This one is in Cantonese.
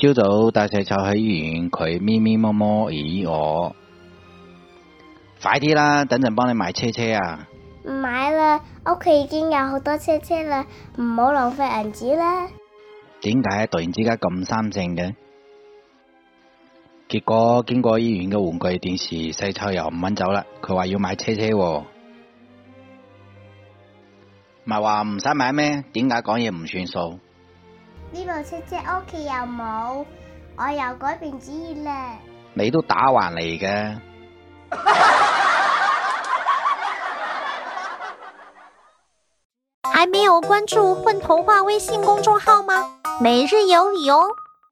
朝早帶細臭去醫院，佢咪咪摸摸咦我，快啲啦，等陣幫你買車車啊！唔買啦，屋企已經有好多車車啦，唔好浪費銀紙啦。點解突然之間咁生性嘅？結果經過醫院嘅玩具電視，細臭又唔肯走啦。佢話要買車車，啊，唔係 話唔使買咩？點解講嘢唔算數？呢部車只屋企又冇，我又改變主意啦。你都打橫嚟嘅。 還沒有關注《混童話》微信公眾號嗎？每日有禮哦！